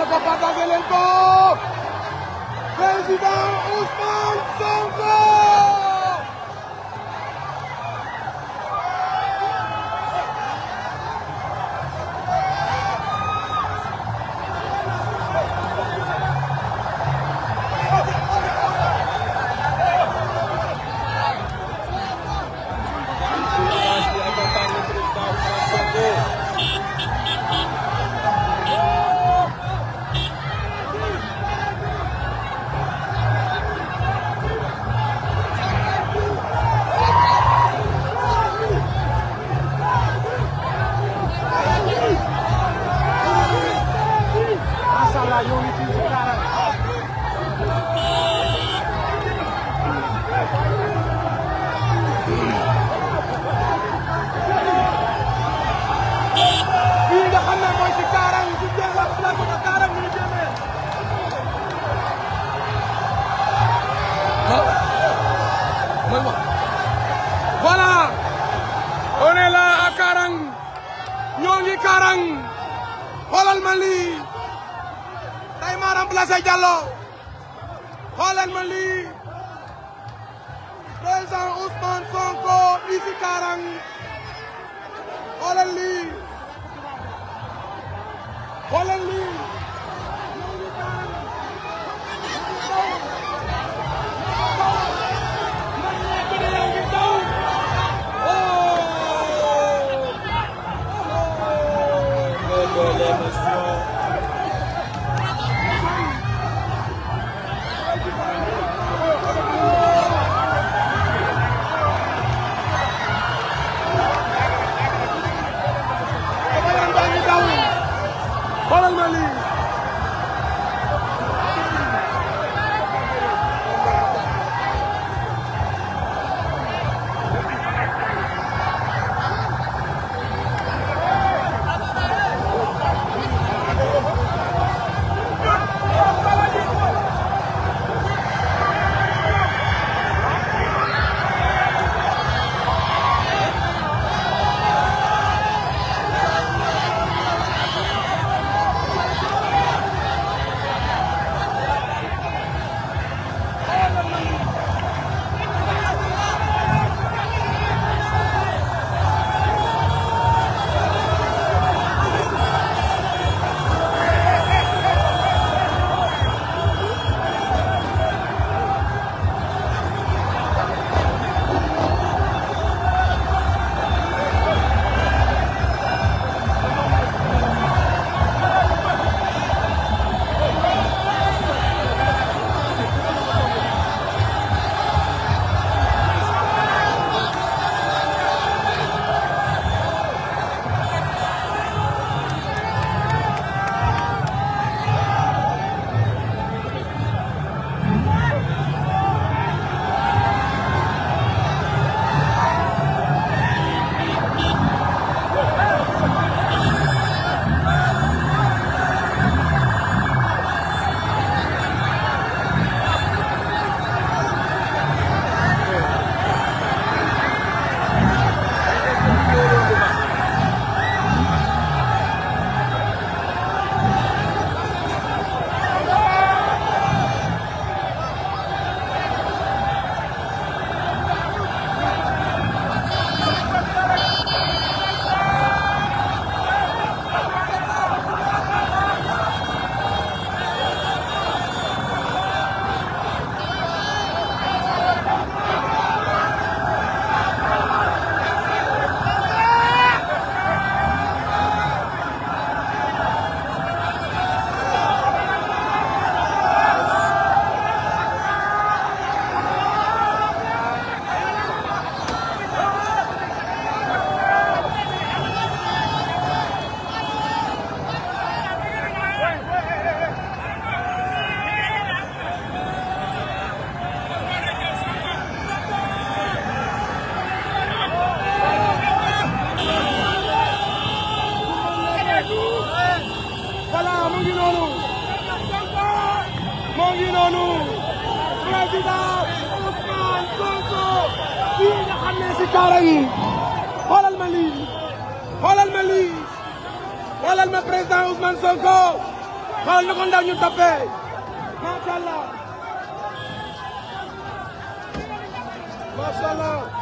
on ne ci Karang ma lii tey maa remplacé Diallo xoolal ma lii président Ousmane Sonko fii ci Karang xoolal lii Follow my noonu président Ousmane Sonko fii nga xam ne si kaara yi xoolal ma lii xoolal ma lii xoolal ma président Ousmane Sonko xoolal na ko ndaw ñu toppee macha allah macha allah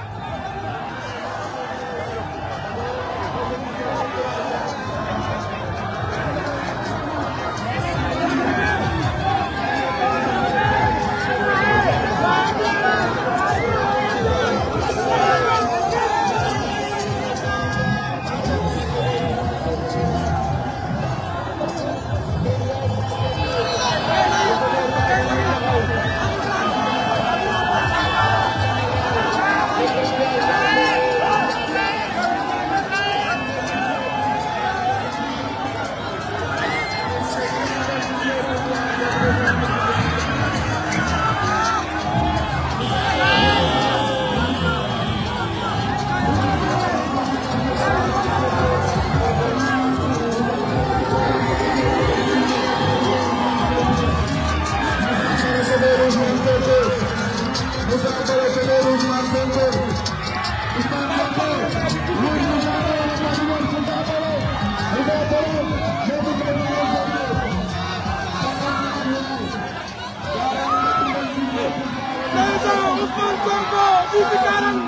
Sonko fii ci Karang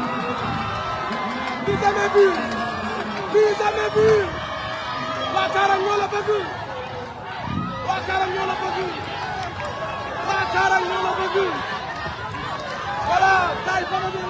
du jamais vu du jamais vu waa Karang ñoo la bëgg waa Karang ñoo la bëgg waa Karang ñoo la bëgg voilà tay fama bi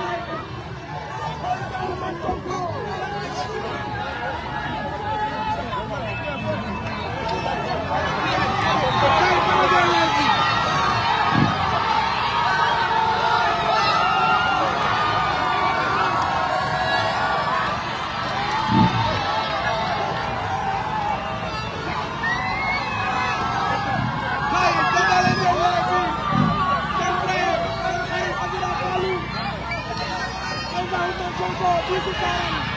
在第十三。